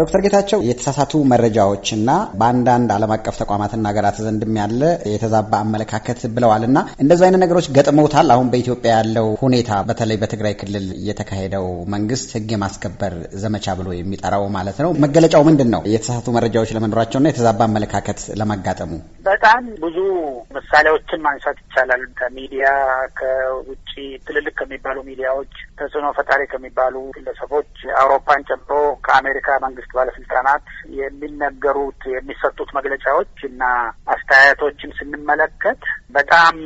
ዶክተር ጌታቸው የተሳሳቱ መረጃዎችና በአንዳንድ ዓለም አቀፍ ተቋማትና ሀገራት ዘንድም ያለ የተዛባ አመለካከት ብለዋልና እንደዚህ አይነት ነገሮች ገጥመውታል። አሁን በኢትዮጵያ ያለው ሁኔታ በተለይ በትግራይ ክልል የተካሄደው መንግስት ህግ የማስከበር ዘመቻ ብሎ የሚጠራው ማለት ነው መገለጫው ምንድን ነው? የተሳሳቱ መረጃዎች ለመኖራቸውና የተዛባ አመለካከት ለማጋጠሙ በጣም ብዙ ምሳሌዎችን ማንሳት ይቻላል። ከሚዲያ ከውጭ ትልልቅ ከሚባሉ ሚዲያዎች፣ ተጽዕኖ ፈጣሪ ከሚባሉ ግለሰቦች፣ አውሮፓን ጨምሮ ከአሜሪካ መንግስት ባለስልጣናት የሚነገሩት የሚሰጡት መግለጫዎች እና አስተያየቶችን ስንመለከት በጣም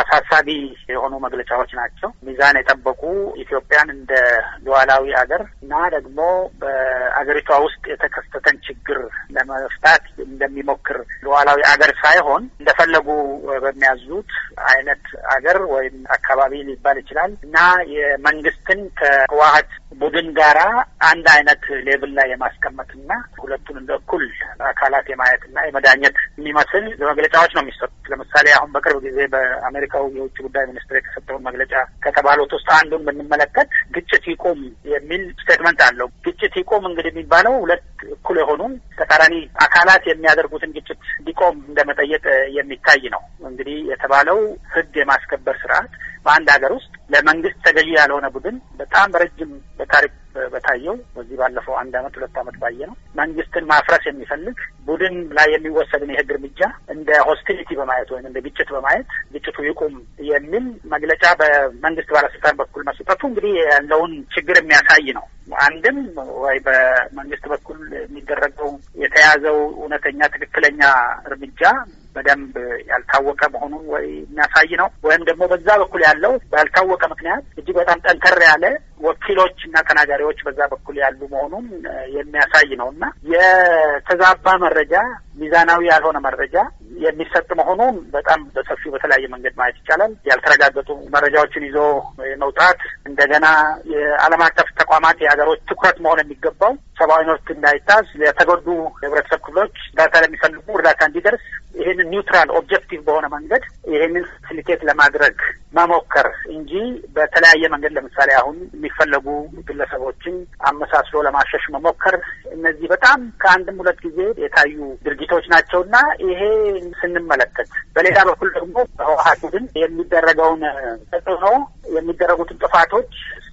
አሳሳቢ የሆኑ መግለጫዎች ናቸው። ሚዛን የጠበቁ ኢትዮጵያን እንደ ሉዓላዊ አገር እና ደግሞ በአገሪቷ ውስጥ የተከሰተን ችግር ለመፍታት እንደሚሞክር ሉዓላዊ አገር ሳይሆን እንደፈለጉ በሚያዙት አይነት አገር ወይም አካባቢ ሊባል ይችላል እና የመንግስትን ከህወሀት ቡድን ጋራ አንድ አይነት ሌብል ላይ የማስቀመጥና ሁለቱን እንደ እኩል አካላት የማየትና የመዳኘት የሚመስል መግለጫዎች ነው የሚሰጡት። ለምሳሌ አሁን በቅርብ ጊዜ በአሜሪካው የውጭ ጉዳይ ሚኒስትር የተሰጠውን መግለጫ ከተባሉት ውስጥ አንዱን ብንመለከት ግጭት ይቁም የሚል ስቴትመንት አለው። ግጭት ይቁም እንግዲህ የሚባለው ሁለት እኩል የሆኑ ተቃራኒ አካላት የሚያደርጉትን ግጭት እንዲቆም እንደመጠየቅ የሚታይ ነው። እንግዲህ የተባለው ህግ የማስከበር ስርዓት በአንድ ሀገር ውስጥ ለመንግስት ተገዢ ያልሆነ ቡድን በጣም በረጅም በታሪክ በታየው በዚህ ባለፈው አንድ አመት ሁለት አመት ባየ ነው መንግስትን ማፍረስ የሚፈልግ ቡድን ላይ የሚወሰድን የህግ እርምጃ እንደ ሆስቲሊቲ በማየት ወይም እንደ ግጭት በማየት ግጭቱ ይቁም የሚል መግለጫ በመንግስት ባለስልጣን በኩል መስጠቱ እንግዲህ ያለውን ችግር የሚያሳይ ነው። አንድም ወይ በመንግስት በኩል የሚደረገው የተያዘው እውነተኛ ትክክለኛ እርምጃ በደንብ ያልታወቀ መሆኑን ወይ የሚያሳይ ነው። ወይም ደግሞ በዛ በኩል ያለው ባልታወቀ ምክንያት እጅግ በጣም ጠንከር ያለ ወኪሎች እና ተናጋሪዎች በዛ በኩል ያሉ መሆኑን የሚያሳይ ነው እና የተዛባ መረጃ፣ ሚዛናዊ ያልሆነ መረጃ የሚሰጥ መሆኑን በጣም በሰፊው በተለያየ መንገድ ማየት ይቻላል። ያልተረጋገጡ መረጃዎችን ይዞ መውጣት እንደገና የዓለም አቀፍ ተቋማት የሀገሮች ትኩረት መሆን የሚገባው ሰብአዊ መብት እንዳይጣስ ለተጎዱ የህብረተሰብ ክፍሎች እርዳታ ለሚፈልጉ እርዳታ እንዲደርስ ይህንን ኒውትራል ኦብጀክቲቭ በሆነ መንገድ ይህንን ፋሲሊቴት ለማድረግ መሞከር እንጂ በተለያየ መንገድ ለምሳሌ አሁን የሚፈለጉ ግለሰቦችን አመሳስሎ ለማሸሽ መሞከር እነዚህ በጣም ከአንድም ሁለት ጊዜ የታዩ ድርጊቶች ናቸውና ይሄ ስንመለከት፣ በሌላ በኩል ደግሞ በህወሀት ቡድን የሚደረገውን ተጽዕኖ የሚደረጉትን ጥፋቶች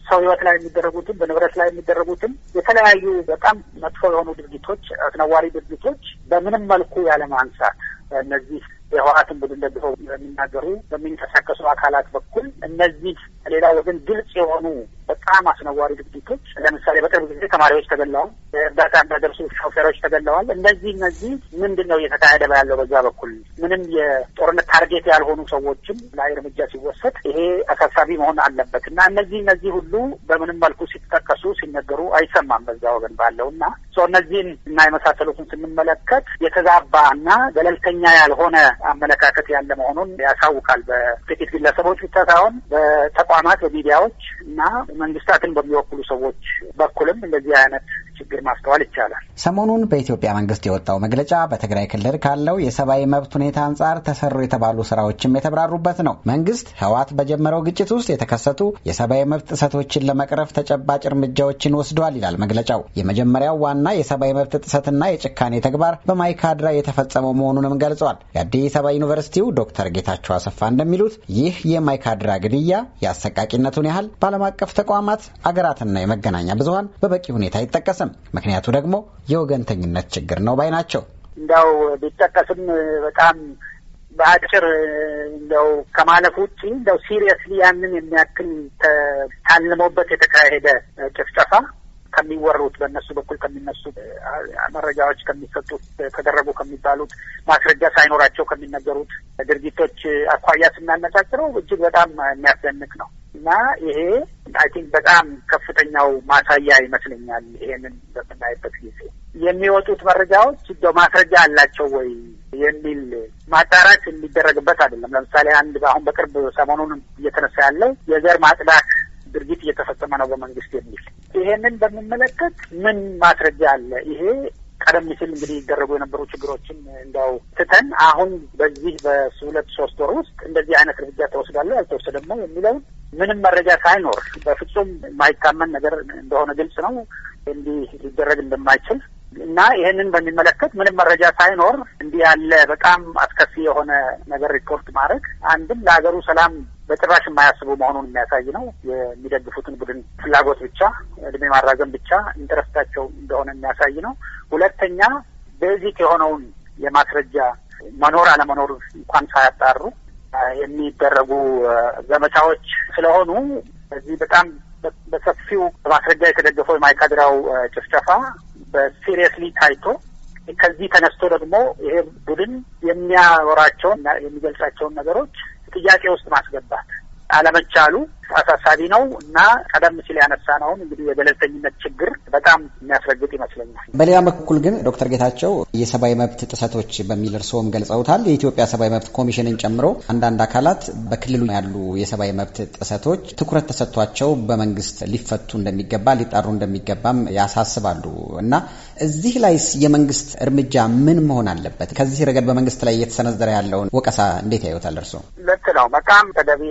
ሰው ህይወት ላይ የሚደረጉትም በንብረት ላይ የሚደረጉትም የተለያዩ በጣም መጥፎ የሆኑ ድርጊቶች፣ አስነዋሪ ድርጊቶች በምንም መልኩ ያለማንሳት እነዚህ የህወሓትን ቡድን ደግፈው በሚናገሩ በሚንቀሳቀሱ አካላት በኩል እነዚህ ሌላ ወገን ግልጽ የሆኑ በጣም አስነዋሪ ድርጊቶች ለምሳሌ በቅርብ ጊዜ ተማሪዎች ተገለዋል፣ እርዳታ እንዳደርሱ ሾፌሮች ተገለዋል። እነዚህ እነዚህ ምንድን ነው እየተካሄደ ያለው? በዛ በኩል ምንም የጦርነት ታርጌት ያልሆኑ ሰዎችም ላይ እርምጃ ሲወሰድ ይሄ አሳሳቢ መሆን አለበት እና እነዚህ እነዚህ ሁሉ በምንም መልኩ ሲጠቀሱ ሲነገሩ አይሰማም በዛ ወገን ባለው እና እነዚህን እና የመሳሰሉትን ስንመለከት የተዛባ እና ገለልተኛ ያልሆነ አመለካከት ያለ መሆኑን ያሳውቃል። በጥቂት ግለሰቦች ብቻ ሳይሆን በተቋማት፣ በሚዲያዎች እና መንግስታትን በሚወክሉ ሰዎች በኩልም እንደዚህ አይነት ችግር ማስተዋል ይቻላል። ሰሞኑን በኢትዮጵያ መንግስት የወጣው መግለጫ በትግራይ ክልል ካለው የሰብአዊ መብት ሁኔታ አንጻር ተሰሩ የተባሉ ስራዎችም የተብራሩበት ነው። መንግስት ህወሓት በጀመረው ግጭት ውስጥ የተከሰቱ የሰብአዊ መብት ጥሰቶችን ለመቅረፍ ተጨባጭ እርምጃዎችን ወስዷል ይላል መግለጫው። የመጀመሪያው ዋና የሰብአዊ መብት ጥሰትና የጭካኔ ተግባር በማይካድራ የተፈጸመው መሆኑንም ገልጿል። የአዲስ አበባ ዩኒቨርሲቲው ዶክተር ጌታቸው አሰፋ እንደሚሉት ይህ የማይካድራ ግድያ የአሰቃቂነቱን ያህል በዓለም አቀፍ ተቋማት አገራትና የመገናኛ ብዙሀን በበቂ ሁኔታ ይጠቀሳል። አይጠቀስም። ምክንያቱ ደግሞ የወገንተኝነት ችግር ነው ባይ ናቸው። እንዲያው ቢጠቀስም በጣም በአጭር እንደው ከማለፍ ውጭ እንደው ሲሪየስሊ ያንን የሚያክል ታልሞበት የተካሄደ ጭፍጨፋ ከሚወሩት በእነሱ በኩል ከሚነሱ መረጃዎች ከሚሰጡት ተደረጉ ከሚባሉት ማስረጃ ሳይኖራቸው ከሚነገሩት ድርጊቶች አኳያ ስናነጻጽረው እጅግ በጣም የሚያስደንቅ ነው እና ይሄ አይ ቲንክ በጣም ከፍተኛው ማሳያ ይመስለኛል። ይሄንን በምናይበት ጊዜ የሚወጡት መረጃዎች እንደ ማስረጃ አላቸው ወይ የሚል ማጣራት የሚደረግበት አይደለም። ለምሳሌ አንድ አሁን በቅርብ ሰሞኑን እየተነሳ ያለው የዘር ማጽዳት ድርጊት እየተፈጸመ ነው በመንግስት የሚል ይሄንን በሚመለከት ምን ማስረጃ አለ? ይሄ ቀደም ሲል እንግዲህ ይደረጉ የነበሩ ችግሮችን እንዲያው ትተን አሁን በዚህ በሁለት ሶስት ወር ውስጥ እንደዚህ አይነት እርምጃ ተወስዳለ አልተወሰደም ነው የሚለውን ምንም መረጃ ሳይኖር በፍጹም የማይታመን ነገር እንደሆነ ግልጽ ነው። እንዲህ ሊደረግ እንደማይችል እና ይህንን በሚመለከት ምንም መረጃ ሳይኖር እንዲህ ያለ በጣም አስከፊ የሆነ ነገር ሪፖርት ማድረግ አንድም ለሀገሩ ሰላም በጭራሽ የማያስቡ መሆኑን የሚያሳይ ነው። የሚደግፉትን ቡድን ፍላጎት ብቻ፣ እድሜ ማራዘም ብቻ ኢንተረስታቸው እንደሆነ የሚያሳይ ነው። ሁለተኛ ቤዚክ የሆነውን የማስረጃ መኖር አለመኖር እንኳን ሳያጣሩ የሚደረጉ ዘመቻዎች ስለሆኑ እዚህ በጣም በሰፊው በማስረጃ የተደገፈው የማይካድራው ጭፍጨፋ በሲሪየስሊ ታይቶ ከዚህ ተነስቶ ደግሞ ይሄ ቡድን የሚያወራቸውን የሚገልጻቸውን ነገሮች ጥያቄ ውስጥ ማስገባት አለመቻሉ አሳሳቢ ነው እና ቀደም ሲል ያነሳ ነውን እንግዲህ የገለልተኝነት ችግር በጣም የሚያስረግጥ ይመስለኛል። በሌላ በኩል ግን ዶክተር ጌታቸው የሰብአዊ መብት ጥሰቶች በሚል እርስዎም ገልጸውታል። የኢትዮጵያ ሰብአዊ መብት ኮሚሽንን ጨምሮ አንዳንድ አካላት በክልሉ ያሉ የሰብአዊ መብት ጥሰቶች ትኩረት ተሰጥቷቸው በመንግስት ሊፈቱ እንደሚገባ ሊጣሩ እንደሚገባም ያሳስባሉ እና እዚህ ላይስ የመንግስት እርምጃ ምን መሆን አለበት? ከዚህ ረገድ በመንግስት ላይ እየተሰነዘረ ያለውን ወቀሳ እንዴት ያዩታል እርስዎ? ልክ ነው። በጣም ተገቢ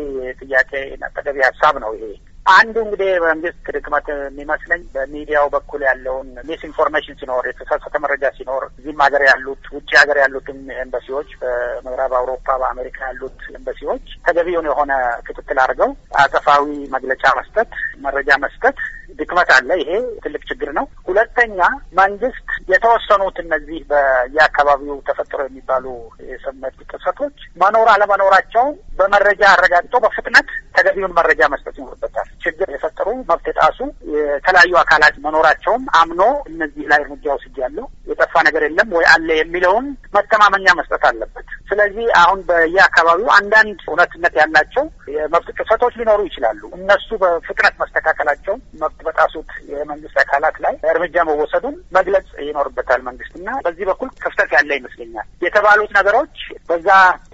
ጥያቄ ተገቢ ሀሳብ ነው ይሄ። አንዱ እንግዲህ መንግስት ድክመት የሚመስለኝ በሚዲያው በኩል ያለውን ሚስ ኢንፎርሜሽን ሲኖር፣ የተሳሳተ መረጃ ሲኖር እዚህም ሀገር ያሉት ውጭ ሀገር ያሉትም ኤምባሲዎች፣ በምዕራብ አውሮፓ በአሜሪካ ያሉት ኤምባሲዎች ተገቢውን የሆነ ክትትል አድርገው አጸፋዊ መግለጫ መስጠት፣ መረጃ መስጠት ድክመት አለ። ይሄ ትልቅ ችግር ነው። ሁለተኛ መንግስት የተወሰኑት እነዚህ በየአካባቢው ተፈጥሮ የሚባሉ የሰብ መብት ጥሰቶች መኖር አለመኖራቸውን በመረጃ አረጋግጦ በፍጥነት ተገቢውን መረጃ መስጠት ይኖርበታል። ችግር የፈጠሩ መብት የጣሱ የተለያዩ አካላት መኖራቸውም አምኖ እነዚህ ላይ እርምጃ ወስጃለሁ፣ የጠፋ ነገር የለም ወይ አለ የሚለውን መተማመኛ መስጠት አለበት። ስለዚህ አሁን በየአካባቢው አንዳንድ እውነትነት ያላቸው የመብት ጥሰቶች ሊኖሩ ይችላሉ። እነሱ በፍጥነት መስተካከላቸው መብት በጣሱት የመንግስት አካላት ላይ እርምጃ መወሰዱን መግለጽ ይኖርበታል መንግስት እና በዚህ በኩል ክፍተት ያለ ይመስለኛል። የተባሉት ነገሮች በዛ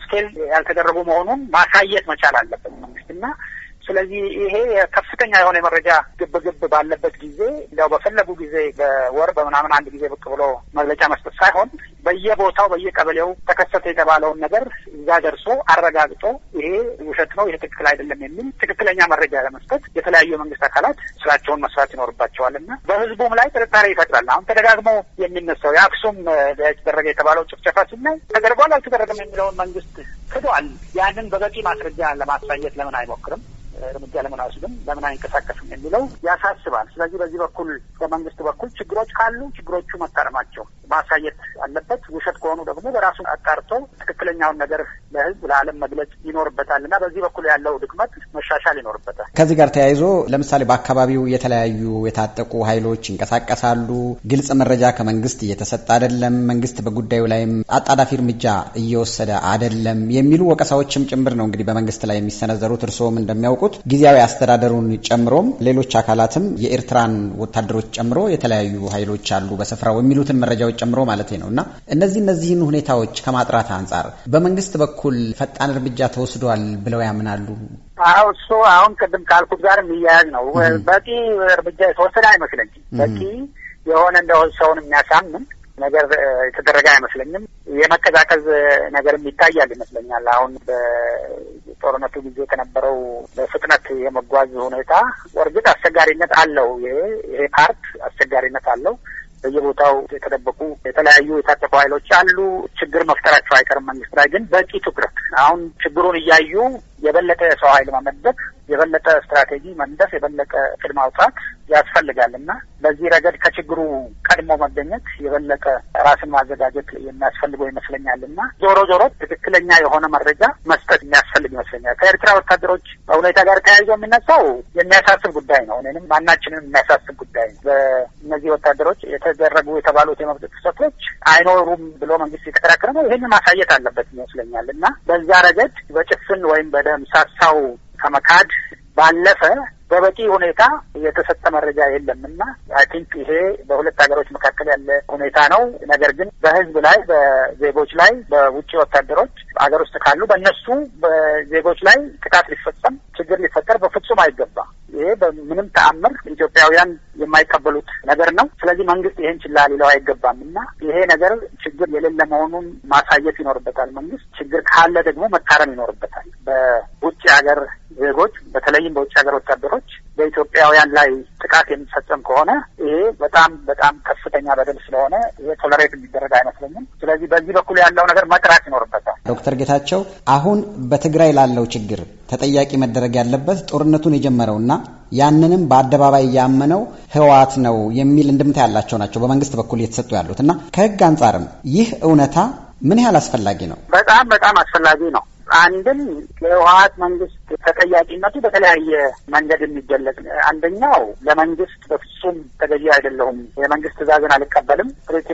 ስኬል ያልተደረጉ መሆኑን ማሳየት መቻል አለበት። እና ስለዚህ ይሄ ከፍተኛ የሆነ የመረጃ ግብግብ ባለበት ጊዜ እንዲያው በፈለጉ ጊዜ በወር በምናምን አንድ ጊዜ ብቅ ብሎ መግለጫ መስጠት ሳይሆን በየቦታው በየቀበሌው ተከሰተ የተባለውን ነገር እዛ ደርሶ አረጋግጦ ይሄ ውሸት ነው፣ ይሄ ትክክል አይደለም የሚል ትክክለኛ መረጃ ለመስጠት የተለያዩ የመንግስት አካላት ስራቸውን መስራት ይኖርባቸዋል እና በህዝቡም ላይ ጥርጣሬ ይፈጥራል። አሁን ተደጋግሞ የሚነሳው የአክሱም የተደረገ የተባለው ጭፍጨፋ ሲናይ ተደርጓል አልተደረገም የሚለውን መንግስት ክዷል። ያንን በበቂ ማስረጃ ለማሳየት ለምን አይሞክርም? እርምጃ ለምን አይወስድም? ለምን አይንቀሳቀስም? የሚለው ያሳስባል። ስለዚህ በዚህ በኩል በመንግስት በኩል ችግሮች ካሉ ችግሮቹ መታረማቸው ማሳየት አለበት። ውሸት ከሆኑ ደግሞ በራሱ አጣርቶ ትክክለኛውን ነገር ለህዝብ ለዓለም መግለጽ ይኖርበታል እና በዚህ በኩል ያለው ድክመት መሻሻል ይኖርበታል። ከዚህ ጋር ተያይዞ ለምሳሌ በአካባቢው የተለያዩ የታጠቁ ኃይሎች ይንቀሳቀሳሉ። ግልጽ መረጃ ከመንግስት እየተሰጠ አይደለም። መንግስት በጉዳዩ ላይም አጣዳፊ እርምጃ እየወሰደ አይደለም የሚሉ ወቀሳዎችም ጭምር ነው እንግዲህ በመንግስት ላይ የሚሰነዘሩት። እርስዎም እንደሚያውቁት ጊዜያዊ አስተዳደሩን ጨምሮም ሌሎች አካላትም የኤርትራን ወታደሮች ጨምሮ የተለያዩ ኃይሎች አሉ በስፍራው የሚሉትን መረጃዎች ጨምሮ ማለት ነው እና እነዚህ እነዚህን ሁኔታዎች ከማጥራት አንጻር በመንግስት በኩል ፈጣን እርምጃ ተወስዷል ብለው ያምናሉ? አዎ እሱ አሁን ቅድም ካልኩት ጋር የሚያያዝ ነው። በቂ እርምጃ የተወሰደ አይመስለኝም። በቂ የሆነ እንደሆን ሰውን የሚያሳምን ነገር የተደረገ አይመስለኝም። የመቀዛቀዝ ነገርም ይታያል ይመስለኛል። አሁን በጦርነቱ ጊዜ ከነበረው በፍጥነት የመጓዝ ሁኔታ እርግጥ አስቸጋሪነት አለው። ይሄ ይሄ ፓርት አስቸጋሪነት አለው። በየቦታው የተደበቁ የተለያዩ የታጠቁ ኃይሎች አሉ። ችግር መፍጠራቸው አይቀርም። መንግስት ላይ ግን በቂ ትኩረት አሁን ችግሩን እያዩ የበለጠ ሰው ኃይል መመደብ፣ የበለጠ ስትራቴጂ መንደፍ፣ የበለጠ ዕቅድ ማውጣት ያስፈልጋል እና በዚህ ረገድ ከችግሩ ቀድሞ መገኘት የበለጠ ራስን ማዘጋጀት የሚያስፈልገው ይመስለኛል እና ዞሮ ዞሮ ትክክለኛ የሆነ መረጃ መስጠት የሚያስፈልግ ይመስለኛል። ከኤርትራ ወታደሮች በሁኔታ ጋር ተያይዞ የሚነሳው የሚያሳስብ ጉዳይ ነው። እኔንም ማናችንም የሚያሳስብ ጉዳይ ነው። በእነዚህ ወታደሮች የተደረጉ የተባሉት የመብት ጥሰቶች አይኖሩም ብሎ መንግስት የተከራከረ ነው። ይህንን ማሳየት አለበት ይመስለኛል እና በዛ ረገድ በጭፍን ወይም በደምሳሳው ከመካድ ባለፈ በበቂ ሁኔታ የተሰጠ መረጃ የለም እና አይ ቲንክ ይሄ በሁለት ሀገሮች መካከል ያለ ሁኔታ ነው። ነገር ግን በህዝብ ላይ በዜጎች ላይ በውጭ ወታደሮች ሀገር ውስጥ ካሉ በእነሱ በዜጎች ላይ ጥቃት ሊፈጸም ችግር ሊፈጠር በፍጹም አይገባ። ይሄ በምንም ተአምር ኢትዮጵያውያን የማይቀበሉት ነገር ነው። ስለዚህ መንግስት ይሄን ችላ ሊለው አይገባም እና ይሄ ነገር ችግር የሌለ መሆኑን ማሳየት ይኖርበታል። መንግስት ችግር ካለ ደግሞ መታረም ይኖርበታል። የውጭ ሀገር ዜጎች በተለይም በውጭ ሀገር ወታደሮች በኢትዮጵያውያን ላይ ጥቃት የሚፈጸም ከሆነ ይሄ በጣም በጣም ከፍተኛ በደል ስለሆነ ይሄ ቶለሬት የሚደረግ አይመስለኝም። ስለዚህ በዚህ በኩል ያለው ነገር መጥራት ይኖርበታል። ዶክተር ጌታቸው አሁን በትግራይ ላለው ችግር ተጠያቂ መደረግ ያለበት ጦርነቱን የጀመረውና ያንንም በአደባባይ ያመነው ህወሓት ነው የሚል እንድምታ ያላቸው ናቸው በመንግስት በኩል እየተሰጡ ያሉት እና ከህግ አንጻርም ይህ እውነታ ምን ያህል አስፈላጊ ነው? በጣም በጣም አስፈላጊ ነው። አንድም የህወሀት መንግስት ተጠያቂነቱ በተለያየ መንገድ የሚገለጽ አንደኛው ለመንግስት በፍጹም ተገዢ አይደለሁም፣ የመንግስት ትእዛዝን አልቀበልም፣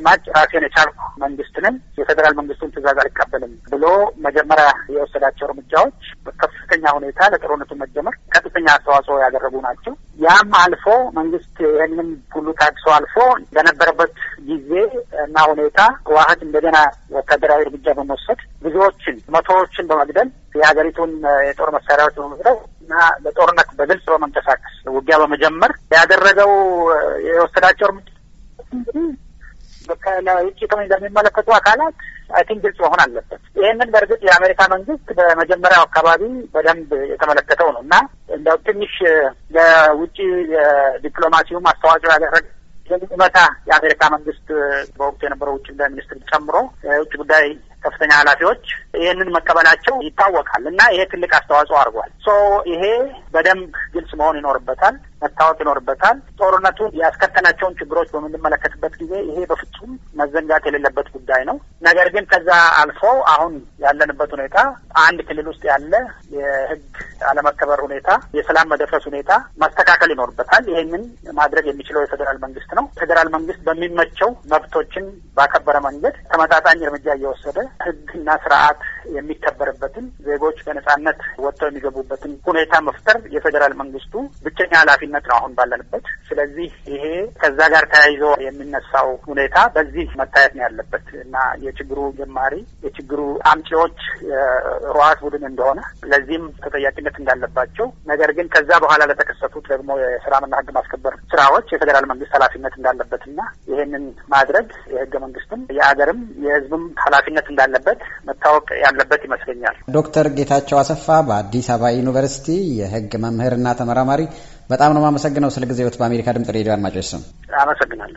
ማች ራሴን የቻልኩ መንግስትንም የፌዴራል መንግስቱን ትእዛዝ አልቀበልም ብሎ መጀመሪያ የወሰዳቸው እርምጃዎች በከፍተኛ ሁኔታ ለጦርነቱ መጀመር ከፍተኛ አስተዋጽኦ ያደረጉ ናቸው። ያም አልፎ መንግስት ይህንም ሁሉ ታግሶ አልፎ ለነበረበት ጊዜ እና ሁኔታ ህወሀት እንደገና ወታደራዊ እርምጃ በመውሰድ ሰዎችን መቶዎችን በመግደል የሀገሪቱን የጦር መሳሪያዎች በመግደል እና በጦርነት በግልጽ በመንቀሳቀስ ውጊያ በመጀመር ያደረገው የወሰዳቸው እርምጃ ከውጭ እንደሚመለከቱ አካላት አይ ቲንክ ግልጽ መሆን አለበት። ይህንን በእርግጥ የአሜሪካ መንግስት በመጀመሪያው አካባቢ በደንብ የተመለከተው ነው እና እንደው ትንሽ ለውጭ የዲፕሎማሲውም አስተዋጽኦ ያደረገ እውነታ የአሜሪካ መንግስት በወቅቱ የነበረው ውጭ ጉዳይ ሚኒስትር ጨምሮ የውጭ ጉዳይ ከፍተኛ ኃላፊዎች ይህንን መቀበላቸው ይታወቃል እና ይሄ ትልቅ አስተዋጽኦ አድርጓል። ሶ ይሄ በደንብ ግልጽ መሆን ይኖርበታል። መታወቅ ይኖርበታል። ጦርነቱን ያስከተላቸውን ችግሮች በምንመለከትበት ጊዜ ይሄ በፍጹም መዘንጋት የሌለበት ጉዳይ ነው። ነገር ግን ከዛ አልፎ አሁን ያለንበት ሁኔታ አንድ ክልል ውስጥ ያለ የህግ አለመከበር ሁኔታ፣ የሰላም መደፍረስ ሁኔታ መስተካከል ይኖርበታል። ይሄንን ማድረግ የሚችለው የፌዴራል መንግስት ነው። ፌዴራል መንግስት በሚመቸው መብቶችን ባከበረ መንገድ ተመጣጣኝ እርምጃ እየወሰደ ህግና ስርዓት የሚከበርበትን ዜጎች በነጻነት ወጥተው የሚገቡበትን ሁኔታ መፍጠር የፌዴራል መንግስቱ ብቸኛ ኃላፊነት ነው አሁን ባለንበት ስለዚህ ይሄ ከዛ ጋር ተያይዞ የሚነሳው ሁኔታ በዚህ መታየት ነው ያለበት እና የችግሩ ጀማሪ የችግሩ አምጪዎች ህወሓት ቡድን እንደሆነ ለዚህም ተጠያቂነት እንዳለባቸው፣ ነገር ግን ከዛ በኋላ ለተከሰቱት ደግሞ የሰላምና ህግ ማስከበር ስራዎች የፌዴራል መንግስት ኃላፊነት ና ይህንን ማድረግ የህገ መንግስትም የሀገርም የህዝብም ኃላፊነት እንዳለበት መታወቅ ያለበት ይመስለኛል። ዶክተር ጌታቸው አሰፋ በአዲስ አበባ ዩኒቨርሲቲ የህግ መምህርና ተመራማሪ በጣም ነው የማመሰግነው ስለ ጊዜዎት በአሜሪካ ድምጽ ሬዲዮ አድማጮች ስም አመሰግናለሁ።